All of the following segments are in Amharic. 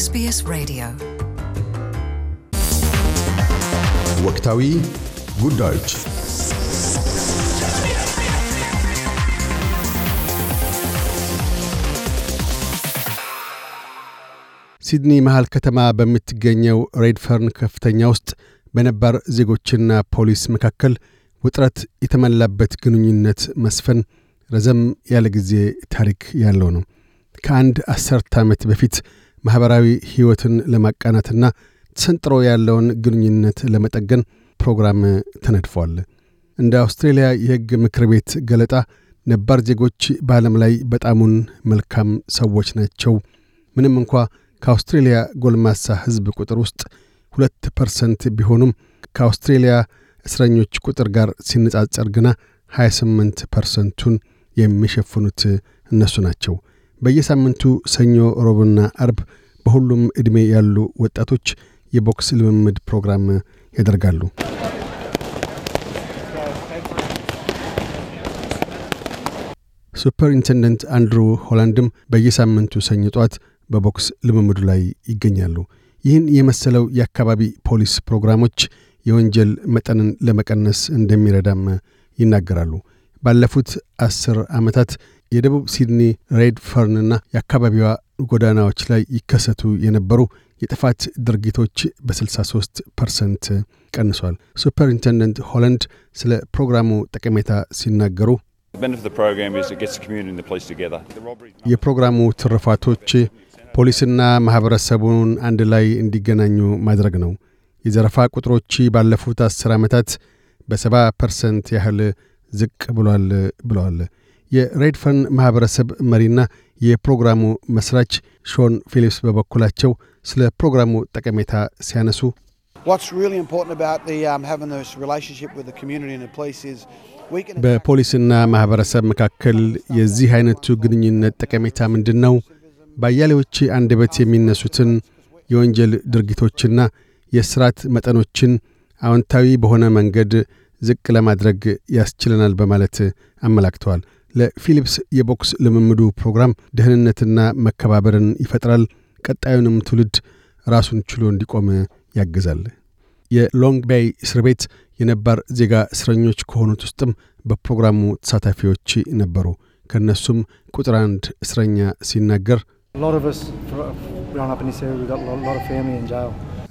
ኤስቢኤስ ሬዲዮ ወቅታዊ ጉዳዮች ሲድኒ መሃል ከተማ በምትገኘው ሬድፈርን ከፍተኛ ውስጥ በነባር ዜጎችና ፖሊስ መካከል ውጥረት የተሞላበት ግንኙነት መስፈን ረዘም ያለ ጊዜ ታሪክ ያለው ነው። ከአንድ አሰርት ዓመት በፊት ማኅበራዊ ሕይወትን ለማቃናትና ተሰንጥሮ ያለውን ግንኙነት ለመጠገን ፕሮግራም ተነድፏል። እንደ አውስትሬልያ የሕግ ምክር ቤት ገለጣ ነባር ዜጎች በዓለም ላይ በጣሙን መልካም ሰዎች ናቸው። ምንም እንኳ ከአውስትሬልያ ጎልማሳ ሕዝብ ቁጥር ውስጥ ሁለት ፐርሰንት ቢሆኑም ከአውስትሬልያ እስረኞች ቁጥር ጋር ሲነጻጸር ግና 28 ፐርሰንቱን የሚሸፍኑት እነሱ ናቸው። በየሳምንቱ ሰኞ፣ ሮብና አርብ በሁሉም ዕድሜ ያሉ ወጣቶች የቦክስ ልምምድ ፕሮግራም ያደርጋሉ። ሱፐርኢንቴንደንት አንድሩ ሆላንድም በየሳምንቱ ሰኞ ጠዋት በቦክስ ልምምዱ ላይ ይገኛሉ። ይህን የመሰለው የአካባቢ ፖሊስ ፕሮግራሞች የወንጀል መጠንን ለመቀነስ እንደሚረዳም ይናገራሉ። ባለፉት አስር ዓመታት የደቡብ ሲድኒ ሬድፈርንና የአካባቢዋ ጎዳናዎች ላይ ይከሰቱ የነበሩ የጥፋት ድርጊቶች በ63 ፐርሰንት ቀንሷል። ሱፐርኢንቴንደንት ሆለንድ ስለ ፕሮግራሙ ጠቀሜታ ሲናገሩ የፕሮግራሙ ትርፋቶች ፖሊስና ማኅበረሰቡን አንድ ላይ እንዲገናኙ ማድረግ ነው። የዘረፋ ቁጥሮች ባለፉት አስር ዓመታት በሰባ ፐርሰንት ያህል ዝቅ ብሏል ብለዋል። የሬድፈን ማኅበረሰብ መሪና የፕሮግራሙ መስራች ሾን ፊሊፕስ በበኩላቸው ስለ ፕሮግራሙ ጠቀሜታ ሲያነሱ um, በፖሊስና ማኅበረሰብ መካከል የዚህ ዐይነቱ ግንኙነት ጠቀሜታ ምንድን ነው? በአያሌዎች አንደበት የሚነሱትን የወንጀል ድርጊቶችና የሥርዓት መጠኖችን አዎንታዊ በሆነ መንገድ ዝቅ ለማድረግ ያስችለናል በማለት አመላክተዋል። ለፊሊፕስ የቦክስ ልምምዱ ፕሮግራም ደህንነትና መከባበርን ይፈጥራል። ቀጣዩንም ትውልድ ራሱን ችሎ እንዲቆም ያግዛል። የሎንግ ቤይ እስር ቤት የነባር ዜጋ እስረኞች ከሆኑት ውስጥም በፕሮግራሙ ተሳታፊዎች ነበሩ። ከእነሱም ቁጥር አንድ እስረኛ ሲናገር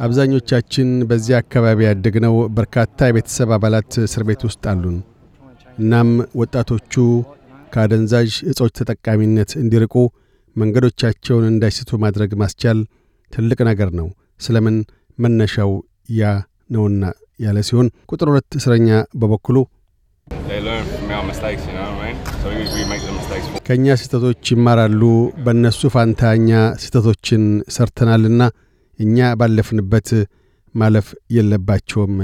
አብዛኞቻችን በዚህ አካባቢ ያደግነው በርካታ የቤተሰብ አባላት እስር ቤት ውስጥ አሉን። እናም ወጣቶቹ ከአደንዛዥ እጾች ተጠቃሚነት እንዲርቁ መንገዶቻቸውን እንዳይስቱ ማድረግ ማስቻል ትልቅ ነገር ነው፣ ስለምን መነሻው ያ ነውና ያለ ሲሆን ቁጥር ሁለት እስረኛ በበኩሉ ከእኛ ስህተቶች ይማራሉ፣ በእነሱ ፋንታ እኛ ስህተቶችን ሰርተናልና እኛ ባለፍንበት ማለፍ የለባቸውም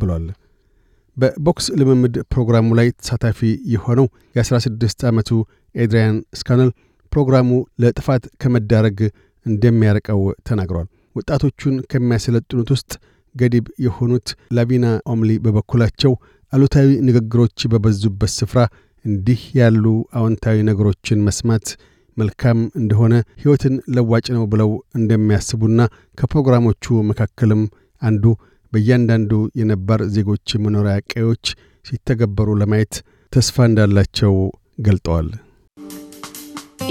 ብሏል። በቦክስ ልምምድ ፕሮግራሙ ላይ ተሳታፊ የሆነው የ16 ዓመቱ ኤድሪያን ስካነል ፕሮግራሙ ለጥፋት ከመዳረግ እንደሚያርቀው ተናግሯል። ወጣቶቹን ከሚያሰለጥኑት ውስጥ ገዲብ የሆኑት ላቪና ኦምሊ በበኩላቸው አሉታዊ ንግግሮች በበዙበት ስፍራ እንዲህ ያሉ አዎንታዊ ነገሮችን መስማት መልካም እንደሆነ ሕይወትን ለዋጭ ነው ብለው እንደሚያስቡና ከፕሮግራሞቹ መካከልም አንዱ በእያንዳንዱ የነባር ዜጎች መኖሪያ ቀዮች ሲተገበሩ ለማየት ተስፋ እንዳላቸው ገልጠዋል።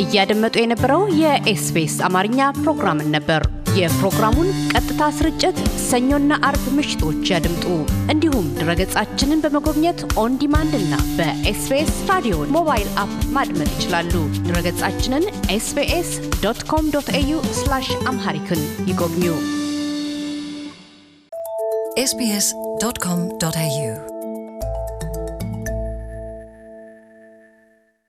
እያደመጡ የነበረው የኤስቢኤስ አማርኛ ፕሮግራምን ነበር። የፕሮግራሙን ቀጥታ ስርጭት ሰኞና አርብ ምሽቶች ያድምጡ። እንዲሁም ድረገጻችንን በመጎብኘት ኦንዲማንድ እና በኤስቢኤስ ራዲዮን ሞባይል አፕ ማድመጥ ይችላሉ። ድረገጻችንን ኤስቢኤስ ዶት ኮም ዶት ኤዩ አምሃሪክን ይጎብኙ። sbs.com.au